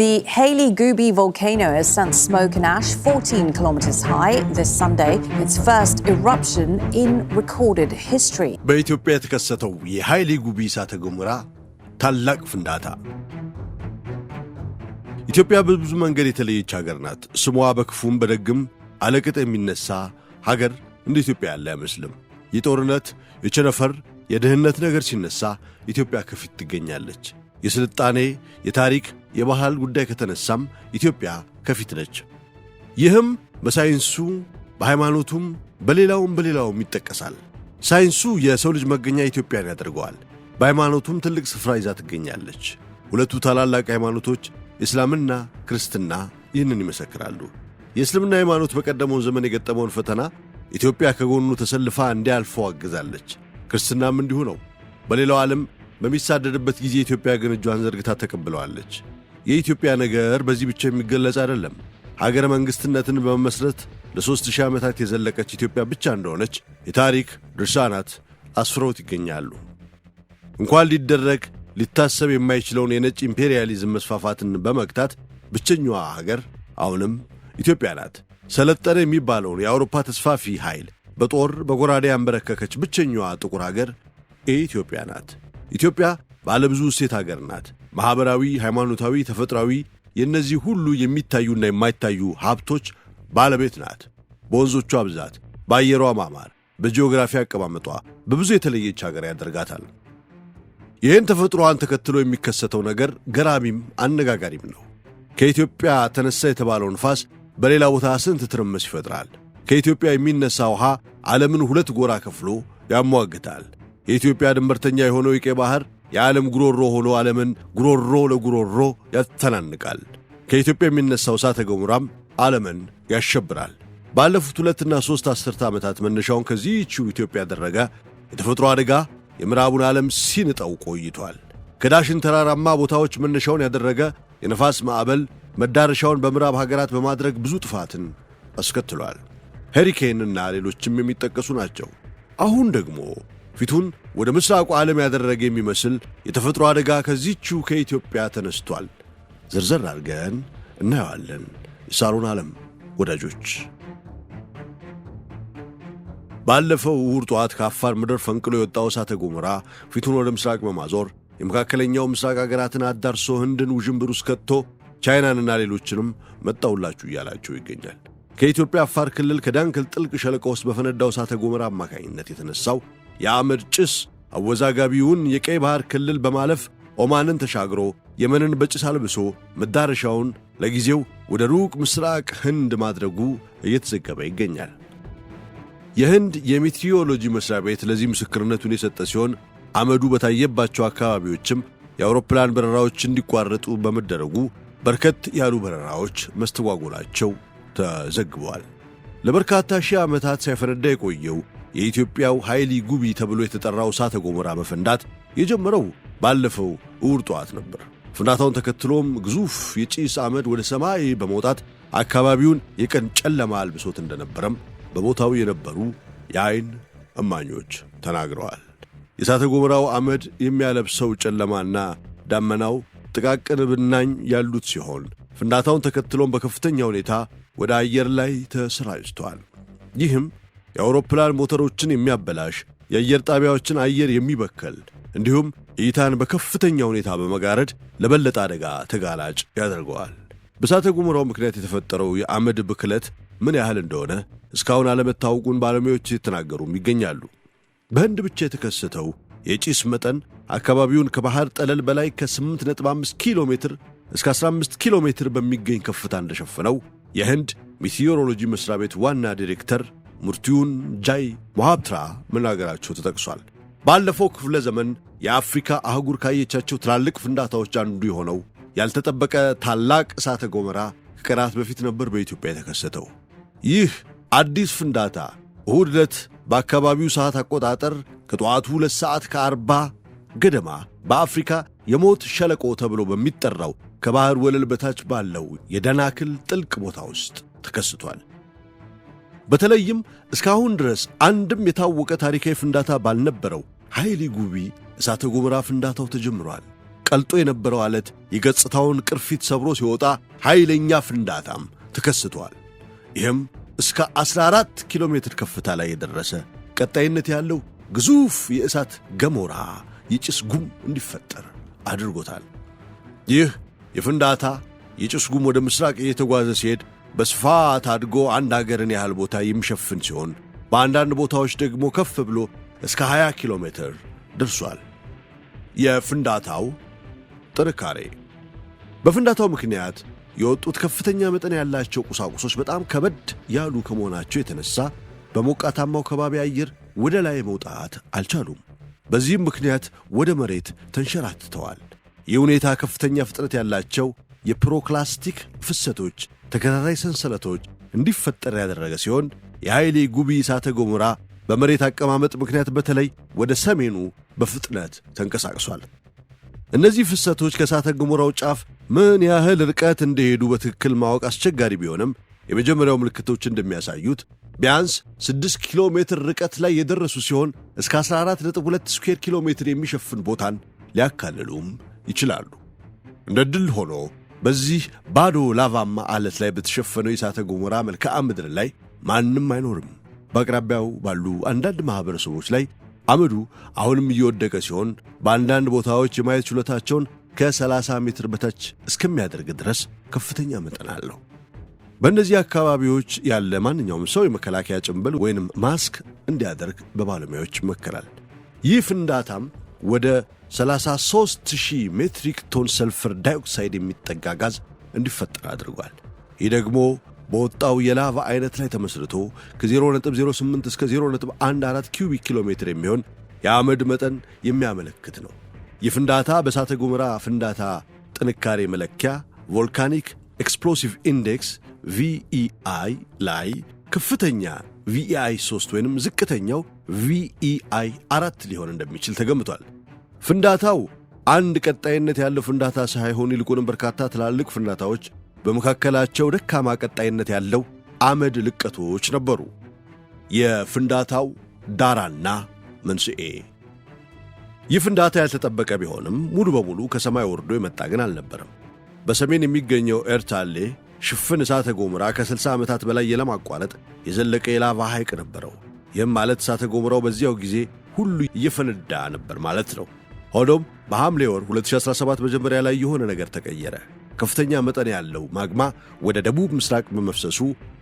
The Haley Gooby volcano has sent smoke and ash 14 kilometers high this Sunday, its first eruption in recorded history. በኢትዮጵያ የተከሰተው የሃይሊ ጉቢ እሳተ ገሞራ ታላቅ ፍንዳታ። ኢትዮጵያ በብዙ መንገድ የተለየች ሀገር ናት። ስሟ በክፉም በደግም አለቅጥ የሚነሳ ሀገር እንደ ኢትዮጵያ ያለ አይመስልም። የጦርነት የቸነፈር፣ የድህነት ነገር ሲነሳ ኢትዮጵያ ከፊት ትገኛለች። የስልጣኔ፣ የታሪክ የባህል ጉዳይ ከተነሳም ኢትዮጵያ ከፊት ነች። ይህም በሳይንሱ በሃይማኖቱም በሌላውም በሌላውም ይጠቀሳል። ሳይንሱ የሰው ልጅ መገኛ ኢትዮጵያን ያደርገዋል። በሃይማኖቱም ትልቅ ስፍራ ይዛ ትገኛለች። ሁለቱ ታላላቅ ሃይማኖቶች እስላምና ክርስትና ይህንን ይመሰክራሉ። የእስልምና ሃይማኖት በቀደመው ዘመን የገጠመውን ፈተና ኢትዮጵያ ከጎኑ ተሰልፋ እንዲያልፈው አግዛለች። ክርስትናም እንዲሁ ነው። በሌላው ዓለም በሚሳደድበት ጊዜ ኢትዮጵያ ግን እጇን ዘርግታ ተቀብለዋለች። የኢትዮጵያ ነገር በዚህ ብቻ የሚገለጽ አይደለም። ሀገረ መንግሥትነትን በመመስረት ለሦስት ሺህ ዓመታት የዘለቀች ኢትዮጵያ ብቻ እንደሆነች የታሪክ ድርሳናት አስፍረውት ይገኛሉ። እንኳን ሊደረግ ሊታሰብ የማይችለውን የነጭ ኢምፔሪያሊዝም መስፋፋትን በመግታት ብቸኛዋ ሀገር አሁንም ኢትዮጵያ ናት። ሰለጠነ የሚባለውን የአውሮፓ ተስፋፊ ኃይል በጦር በጎራዴ ያንበረከከች ብቸኛዋ ጥቁር ሀገር ኢትዮጵያ ናት። ኢትዮጵያ ባለብዙ እሴት ሀገር ናት። ማኅበራዊ፣ ሃይማኖታዊ፣ ተፈጥሯዊ የእነዚህ ሁሉ የሚታዩና የማይታዩ ሀብቶች ባለቤት ናት። በወንዞቿ ብዛት፣ በአየሯ ማማር፣ በጂኦግራፊ አቀማመጧ በብዙ የተለየች ሀገር ያደርጋታል። ይህን ተፈጥሮዋን ተከትሎ የሚከሰተው ነገር ገራሚም አነጋጋሪም ነው። ከኢትዮጵያ ተነሳ የተባለው ንፋስ በሌላ ቦታ ስንት ትርምስ ይፈጥራል። ከኢትዮጵያ የሚነሳ ውሃ ዓለምን ሁለት ጎራ ከፍሎ ያሟግታል። የኢትዮጵያ ድንበርተኛ የሆነው የቀይ ባህር የዓለም ጉሮሮ ሆኖ ዓለምን ጉሮሮ ለጉሮሮ ያተናንቃል። ከኢትዮጵያ የሚነሳው እሳተ ገሞራም ዓለምን ያሸብራል። ባለፉት ሁለትና ሦስት አስርተ ዓመታት መነሻውን ከዚህችው ኢትዮጵያ ያደረገ የተፈጥሮ አደጋ የምዕራቡን ዓለም ሲንጠው ቆይቷል። ከዳሽን ተራራማ ቦታዎች መነሻውን ያደረገ የነፋስ ማዕበል መዳረሻውን በምዕራብ ሀገራት በማድረግ ብዙ ጥፋትን አስከትሏል። ሄሪኬንና ሌሎችም የሚጠቀሱ ናቸው። አሁን ደግሞ ፊቱን ወደ ምስራቁ ዓለም ያደረገ የሚመስል የተፈጥሮ አደጋ ከዚቹ ከኢትዮጵያ ተነስቷል። ዝርዝር አድርገን እናየዋለን። የሳሩን ዓለም ወዳጆች ባለፈው እሁድ ጠዋት ከአፋር ምድር ፈንቅሎ የወጣው እሳተ ገሞራ ፊቱን ወደ ምስራቅ በማዞር የመካከለኛው ምስራቅ አገራትን አዳርሶ ህንድን ውዥንብር ውስጥ ከቶ ቻይናንና ሌሎችንም መጣውላችሁ እያላቸው ይገኛል። ከኢትዮጵያ አፋር ክልል ከዳንክል ጥልቅ ሸለቆ ውስጥ በፈነዳው እሳተ ገሞራ አማካኝነት የተነሳው የአመድ ጭስ አወዛጋቢውን የቀይ ባህር ክልል በማለፍ ኦማንን ተሻግሮ የመንን በጭስ አልብሶ መዳረሻውን ለጊዜው ወደ ሩቅ ምስራቅ ህንድ ማድረጉ እየተዘገበ ይገኛል። የህንድ የሜትሪዮሎጂ መስሪያ ቤት ለዚህ ምስክርነቱን የሰጠ ሲሆን አመዱ በታየባቸው አካባቢዎችም የአውሮፕላን በረራዎች እንዲቋረጡ በመደረጉ በርከት ያሉ በረራዎች መስተጓጎላቸው ተዘግበዋል። ለበርካታ ሺህ ዓመታት ሳይፈነዳ የቆየው የኢትዮጵያው ኃይሊ ጉቢ ተብሎ የተጠራው እሳተ ገሞራ መፈንዳት የጀመረው ባለፈው እውር ጠዋት ነበር። ፍንዳታውን ተከትሎም ግዙፍ የጭስ አመድ ወደ ሰማይ በመውጣት አካባቢውን የቀን ጨለማ አልብሶት እንደነበረም በቦታው የነበሩ የአይን እማኞች ተናግረዋል። የእሳተ ገሞራው አመድ የሚያለብሰው ጨለማና ዳመናው ጥቃቅን ብናኝ ያሉት ሲሆን ፍንዳታውን ተከትሎም በከፍተኛ ሁኔታ ወደ አየር ላይ ተሰራጭቷል። ይህም የአውሮፕላን ሞተሮችን የሚያበላሽ፣ የአየር ጣቢያዎችን አየር የሚበከል እንዲሁም እይታን በከፍተኛ ሁኔታ በመጋረድ ለበለጠ አደጋ ተጋላጭ ያደርገዋል። በእሳተ ገሞራው ምክንያት የተፈጠረው የአመድ ብክለት ምን ያህል እንደሆነ እስካሁን አለመታወቁን ባለሙያዎች እየተናገሩም ይገኛሉ። በህንድ ብቻ የተከሰተው የጭስ መጠን አካባቢውን ከባህር ጠለል በላይ ከ8.5 ኪሎ ሜትር እስከ 15 ኪሎ ሜትር በሚገኝ ከፍታ እንደሸፈነው የህንድ ሚቴዎሮሎጂ መስሪያ ቤት ዋና ዲሬክተር ሙርቲውን ጃይ ሞሃብትራ መናገራቸው ተጠቅሷል። ባለፈው ክፍለ ዘመን የአፍሪካ አህጉር ካየቻቸው ትላልቅ ፍንዳታዎች አንዱ የሆነው ያልተጠበቀ ታላቅ እሳተ ገሞራ ከቀናት በፊት ነበር በኢትዮጵያ የተከሰተው። ይህ አዲስ ፍንዳታ እሁድ ዕለት በአካባቢው ሰዓት አቆጣጠር ከጠዋቱ ሁለት ሰዓት ከአርባ ገደማ በአፍሪካ የሞት ሸለቆ ተብሎ በሚጠራው ከባህር ወለል በታች ባለው የደናክል ጥልቅ ቦታ ውስጥ ተከስቷል። በተለይም እስካሁን ድረስ አንድም የታወቀ ታሪካዊ ፍንዳታ ባልነበረው ኃይሊ ጉቢ እሳተ ጎመራ ፍንዳታው ተጀምሯል። ቀልጦ የነበረው አለት የገጽታውን ቅርፊት ሰብሮ ሲወጣ ኃይለኛ ፍንዳታም ተከስቷል። ይህም እስከ 14 ኪሎ ሜትር ከፍታ ላይ የደረሰ ቀጣይነት ያለው ግዙፍ የእሳት ገሞራ የጭስ ጉም እንዲፈጠር አድርጎታል። ይህ የፍንዳታ የጭስ ጉም ወደ ምስራቅ እየተጓዘ ሲሄድ በስፋት አድጎ አንድ አገርን ያህል ቦታ የሚሸፍን ሲሆን በአንዳንድ ቦታዎች ደግሞ ከፍ ብሎ እስከ 20 ኪሎ ሜትር ደርሷል። የፍንዳታው ጥንካሬ በፍንዳታው ምክንያት የወጡት ከፍተኛ መጠን ያላቸው ቁሳቁሶች በጣም ከበድ ያሉ ከመሆናቸው የተነሳ በሞቃታማው ከባቢ አየር ወደ ላይ መውጣት አልቻሉም። በዚህም ምክንያት ወደ መሬት ተንሸራትተዋል። ይህ ሁኔታ ከፍተኛ ፍጥነት ያላቸው የፕሮክላስቲክ ፍሰቶች ተከታታይ ሰንሰለቶች እንዲፈጠር ያደረገ ሲሆን የኃይሌ ጉቢ እሳተ ገሞራ በመሬት አቀማመጥ ምክንያት በተለይ ወደ ሰሜኑ በፍጥነት ተንቀሳቅሷል። እነዚህ ፍሰቶች ከእሳተ ገሞራው ጫፍ ምን ያህል ርቀት እንደሄዱ በትክክል ማወቅ አስቸጋሪ ቢሆንም የመጀመሪያው ምልክቶች እንደሚያሳዩት ቢያንስ 6 ኪሎ ሜትር ርቀት ላይ የደረሱ ሲሆን እስከ 14.2 ስኩዌር ኪሎ ሜትር የሚሸፍን ቦታን ሊያካልሉም ይችላሉ። እንደ ድል ሆኖ በዚህ ባዶ ላቫማ አለት ላይ በተሸፈነው የእሳተ ገሞራ መልክዓ ምድር ላይ ማንም አይኖርም። በአቅራቢያው ባሉ አንዳንድ ማኅበረሰቦች ላይ አመዱ አሁንም እየወደቀ ሲሆን በአንዳንድ ቦታዎች የማየት ችሎታቸውን ከ30 ሜትር በታች እስከሚያደርግ ድረስ ከፍተኛ መጠን አለው። በእነዚህ አካባቢዎች ያለ ማንኛውም ሰው የመከላከያ ጭንብል ወይንም ማስክ እንዲያደርግ በባለሙያዎች ይመከራል። ይህ ፍንዳታም ወደ 33,000 ሜትሪክ ቶን ሰልፈር ዳይኦክሳይድ የሚጠጋ ጋዝ እንዲፈጠር አድርጓል። ይህ ደግሞ በወጣው የላቫ አይነት ላይ ተመስርቶ ከ0.08 እስከ 0.14 ኪዩቢክ ኪሎ ሜትር የሚሆን የአመድ መጠን የሚያመለክት ነው። ይህ ፍንዳታ በእሳተ ገሞራ ፍንዳታ ጥንካሬ መለኪያ ቮልካኒክ ኤክስፕሎሲቭ ኢንዴክስ ቪኢአይ ላይ ከፍተኛ ቪኢአይ 3 ወይንም ዝቅተኛው ቪኢአይ አራት ሊሆን እንደሚችል ተገምቷል። ፍንዳታው አንድ ቀጣይነት ያለው ፍንዳታ ሳይሆን ይልቁንም በርካታ ትላልቅ ፍንዳታዎች በመካከላቸው ደካማ ቀጣይነት ያለው አመድ ልቀቶች ነበሩ። የፍንዳታው ዳራና መንስኤ ይህ ፍንዳታ ያልተጠበቀ ቢሆንም ሙሉ በሙሉ ከሰማይ ወርዶ የመጣ ግን አልነበረም። በሰሜን የሚገኘው ኤርታሌ ሽፍን እሳተ ገሞራ ከ60 ዓመታት በላይ የለማቋረጥ የዘለቀ የላቫ ሐይቅ ነበረው። ይህም ማለት እሳተ ገሞራው በዚያው ጊዜ ሁሉ እየፈነዳ ነበር ማለት ነው። ሆኖም በሐምሌ ወር 2017 መጀመሪያ ላይ የሆነ ነገር ተቀየረ። ከፍተኛ መጠን ያለው ማግማ ወደ ደቡብ ምስራቅ በመፍሰሱ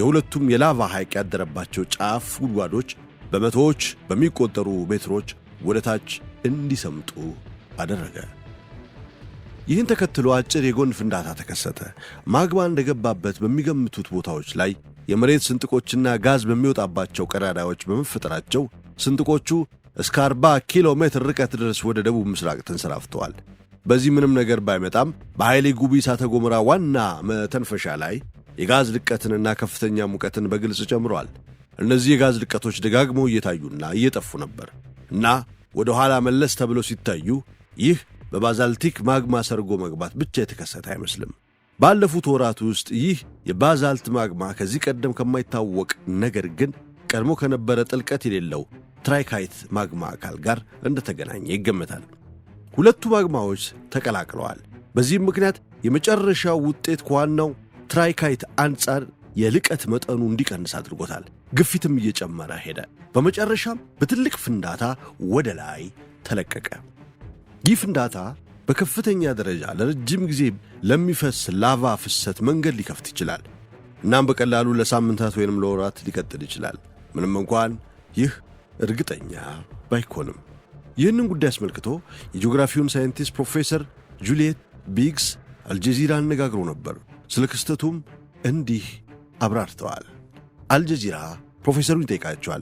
የሁለቱም የላቫ ሐይቅ ያደረባቸው ጫፍ ጉድጓዶች በመቶዎች በሚቆጠሩ ሜትሮች ወደ ታች እንዲሰምጡ አደረገ። ይህን ተከትሎ አጭር የጎን ፍንዳታ ተከሰተ። ማግማ እንደገባበት በሚገምቱት ቦታዎች ላይ የመሬት ስንጥቆችና ጋዝ በሚወጣባቸው ቀዳዳዎች በመፈጠራቸው ስንጥቆቹ እስከ 40 ኪሎ ሜትር ርቀት ድረስ ወደ ደቡብ ምስራቅ ተንሰራፍተዋል። በዚህ ምንም ነገር ባይመጣም በኃይሌ ጉቢ እሳተ ገሞራ ዋና መተንፈሻ ላይ የጋዝ ልቀትንና ከፍተኛ ሙቀትን በግልጽ ጨምሯል። እነዚህ የጋዝ ልቀቶች ደጋግመው እየታዩና እየጠፉ ነበር እና ወደ ኋላ መለስ ተብለው ሲታዩ ይህ በባዛልቲክ ማግማ ሰርጎ መግባት ብቻ የተከሰተ አይመስልም። ባለፉት ወራት ውስጥ ይህ የባዛልት ማግማ ከዚህ ቀደም ከማይታወቅ ነገር ግን ቀድሞ ከነበረ ጥልቀት የሌለው ትራይካይት ማግማ አካል ጋር እንደተገናኘ ይገመታል። ሁለቱ ማግማዎች ተቀላቅለዋል። በዚህም ምክንያት የመጨረሻው ውጤት ከዋናው ትራይካይት አንጻር የልቀት መጠኑ እንዲቀንስ አድርጎታል። ግፊትም እየጨመረ ሄደ። በመጨረሻም በትልቅ ፍንዳታ ወደ ላይ ተለቀቀ። ይህ ፍንዳታ በከፍተኛ ደረጃ ለረጅም ጊዜ ለሚፈስ ላቫ ፍሰት መንገድ ሊከፍት ይችላል። እናም በቀላሉ ለሳምንታት ወይንም ለወራት ሊቀጥል ይችላል፣ ምንም እንኳን ይህ እርግጠኛ ባይኮንም። ይህንን ጉዳይ አስመልክቶ የጂኦግራፊውን ሳይንቲስት ፕሮፌሰር ጁልየት ቢግስ አልጀዚራ አነጋግሮ ነበር። ስለ ክስተቱም እንዲህ አብራርተዋል። አልጀዚራ ፕሮፌሰሩን ይጠይቃቸዋል።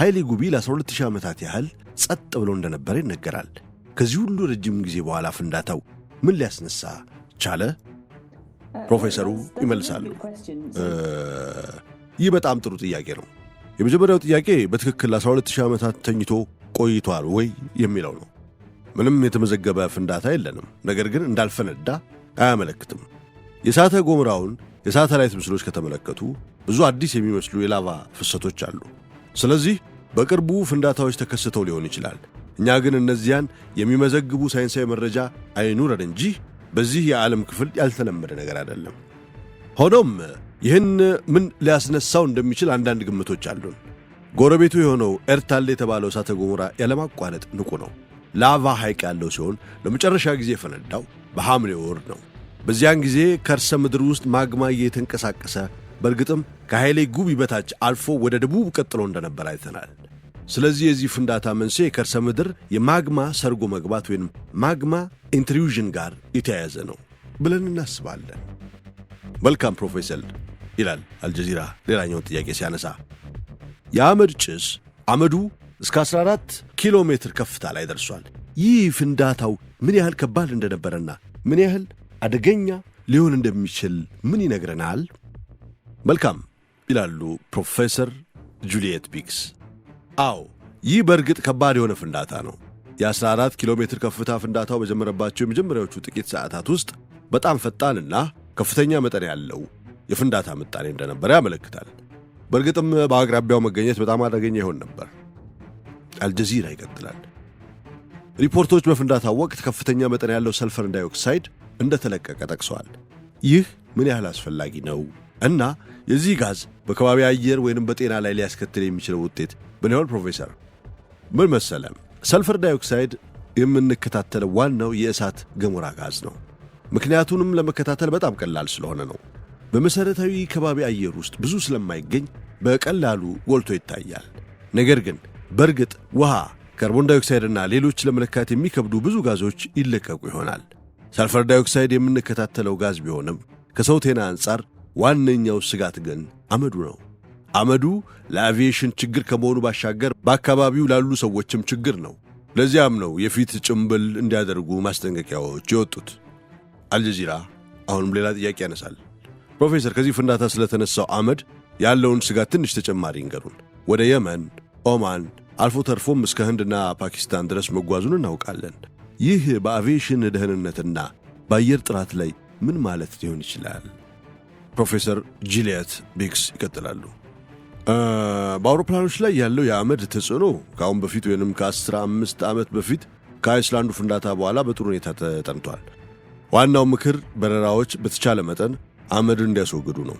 ሀይሊ ጉቢ ለ12000 ዓመታት ያህል ጸጥ ብሎ እንደነበረ ይነገራል። ከዚህ ሁሉ ረጅም ጊዜ በኋላ ፍንዳታው ምን ሊያስነሳ ቻለ? ፕሮፌሰሩ uh, ይመልሳሉ። uh, ይህ በጣም ጥሩ ጥያቄ ነው። የመጀመሪያው ጥያቄ በትክክል ለ12000 ዓመታት ተኝቶ ቆይቷል ወይ የሚለው ነው። ምንም የተመዘገበ ፍንዳታ የለንም፣ ነገር ግን እንዳልፈነዳ አያመለክትም። የእሳተ ገሞራውን የሳተላይት ምስሎች ከተመለከቱ ብዙ አዲስ የሚመስሉ የላቫ ፍሰቶች አሉ። ስለዚህ በቅርቡ ፍንዳታዎች ተከስተው ሊሆን ይችላል። እኛ ግን እነዚያን የሚመዘግቡ ሳይንሳዊ መረጃ አይኑረን እንጂ በዚህ የዓለም ክፍል ያልተለመደ ነገር አይደለም። ሆኖም ይህን ምን ሊያስነሳው እንደሚችል አንዳንድ ግምቶች አሉን። ጎረቤቱ የሆነው ኤርታል የተባለው እሳተ ገሞራ ያለማቋረጥ ንቁ ነው። ላቫ ሐይቅ ያለው ሲሆን ለመጨረሻ ጊዜ የፈነዳው በሐምሌ ወር ነው። በዚያን ጊዜ ከርሰ ምድር ውስጥ ማግማ እየተንቀሳቀሰ በእርግጥም ከኃይሌ ጉቢ በታች አልፎ ወደ ደቡብ ቀጥሎ እንደነበር አይተናል። ስለዚህ የዚህ ፍንዳታ መንስኤ ከርሰ ምድር የማግማ ሰርጎ መግባት ወይም ማግማ ኢንትሪዥን ጋር የተያያዘ ነው ብለን እናስባለን። መልካም ፕሮፌሰር ይላል አልጀዚራ ሌላኛውን ጥያቄ ሲያነሳ የአመድ ጭስ አመዱ እስከ 14 ኪሎ ሜትር ከፍታ ላይ ደርሷል። ይህ ፍንዳታው ምን ያህል ከባድ እንደነበረና ምን ያህል አደገኛ ሊሆን እንደሚችል ምን ይነግረናል? መልካም ይላሉ ፕሮፌሰር ጁልየት ቢክስ። አዎ ይህ በእርግጥ ከባድ የሆነ ፍንዳታ ነው። የ14 ኪሎ ሜትር ከፍታ ፍንዳታው በጀመረባቸው የመጀመሪያዎቹ ጥቂት ሰዓታት ውስጥ በጣም ፈጣንና ከፍተኛ መጠን ያለው የፍንዳታ ምጣኔ እንደነበረ ያመለክታል። በእርግጥም በአቅራቢያው መገኘት በጣም አደገኛ ይሆን ነበር። አልጀዚራ ይቀጥላል። ሪፖርቶች በፍንዳታው ወቅት ከፍተኛ መጠን ያለው ሰልፈር ዳይኦክሳይድ እንደተለቀቀ ጠቅሰዋል። ይህ ምን ያህል አስፈላጊ ነው እና የዚህ ጋዝ በከባቢ አየር ወይንም በጤና ላይ ሊያስከትል የሚችለው ውጤት ምን ፕሮፌሰር ምን መሰለም፣ ሰልፈር ዳይኦክሳይድ የምንከታተለው ዋናው የእሳት ገሞራ ጋዝ ነው። ምክንያቱንም ለመከታተል በጣም ቀላል ስለሆነ ነው። በመሠረታዊ ከባቢ አየር ውስጥ ብዙ ስለማይገኝ በቀላሉ ጎልቶ ይታያል። ነገር ግን በእርግጥ ውሃ፣ ካርቦን ዳይኦክሳይድና ሌሎች ለመለካት የሚከብዱ ብዙ ጋዞች ይለቀቁ ይሆናል። ሳልፈር ዳይኦክሳይድ የምንከታተለው ጋዝ ቢሆንም ከሰው ጤና አንጻር ዋነኛው ስጋት ግን አመዱ ነው። አመዱ ለአቪዬሽን ችግር ከመሆኑ ባሻገር በአካባቢው ላሉ ሰዎችም ችግር ነው። ለዚያም ነው የፊት ጭምብል እንዲያደርጉ ማስጠንቀቂያዎች የወጡት። አልጀዚራ አሁንም ሌላ ጥያቄ ያነሳል። ፕሮፌሰር ከዚህ ፍንዳታ ስለተነሳው አመድ ያለውን ስጋት ትንሽ ተጨማሪ ይንገሩን። ወደ የመን፣ ኦማን አልፎ ተርፎም እስከ ህንድና ፓኪስታን ድረስ መጓዙን እናውቃለን። ይህ በአቪዬሽን ደህንነትና በአየር ጥራት ላይ ምን ማለት ሊሆን ይችላል? ፕሮፌሰር ጂልያት ቢክስ ይቀጥላሉ። በአውሮፕላኖች ላይ ያለው የአመድ ተጽዕኖ ከአሁን በፊት ወይንም ከ15 ዓመት በፊት ከአይስላንዱ ፍንዳታ በኋላ በጥሩ ሁኔታ ተጠንቷል። ዋናው ምክር በረራዎች በተቻለ መጠን አመድን እንዲያስወግዱ ነው።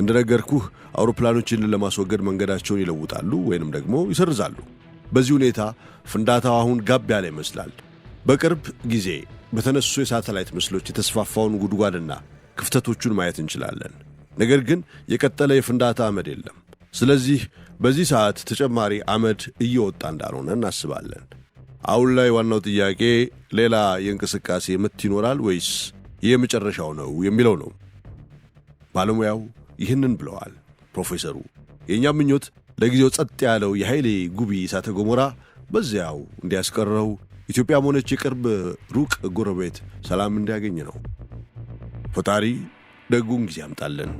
እንደነገርኩህ አውሮፕላኖችን ለማስወገድ መንገዳቸውን ይለውጣሉ ወይንም ደግሞ ይሰርዛሉ። በዚህ ሁኔታ ፍንዳታው አሁን ጋብ ያለ ይመስላል። በቅርብ ጊዜ በተነሱ የሳተላይት ምስሎች የተስፋፋውን ጉድጓድና ክፍተቶቹን ማየት እንችላለን። ነገር ግን የቀጠለ የፍንዳታ አመድ የለም። ስለዚህ በዚህ ሰዓት ተጨማሪ አመድ እየወጣ እንዳልሆነ እናስባለን። አሁን ላይ ዋናው ጥያቄ ሌላ የእንቅስቃሴ ምት ይኖራል ወይስ ይህ የመጨረሻው ነው የሚለው ነው። ባለሙያው ይህንን ብለዋል። ፕሮፌሰሩ የእኛ ምኞት ለጊዜው ጸጥ ያለው የኃይሌ ጉቢ እሳተ ገሞራ በዚያው እንዲያስቀረው ኢትዮጵያም ሆነች የቅርብ ሩቅ ጎረቤት ሰላም እንዲያገኝ ነው። ፈጣሪ ደጉን ጊዜ ያምጣልን።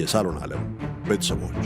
የሳሎን ዓለም ቤተሰቦች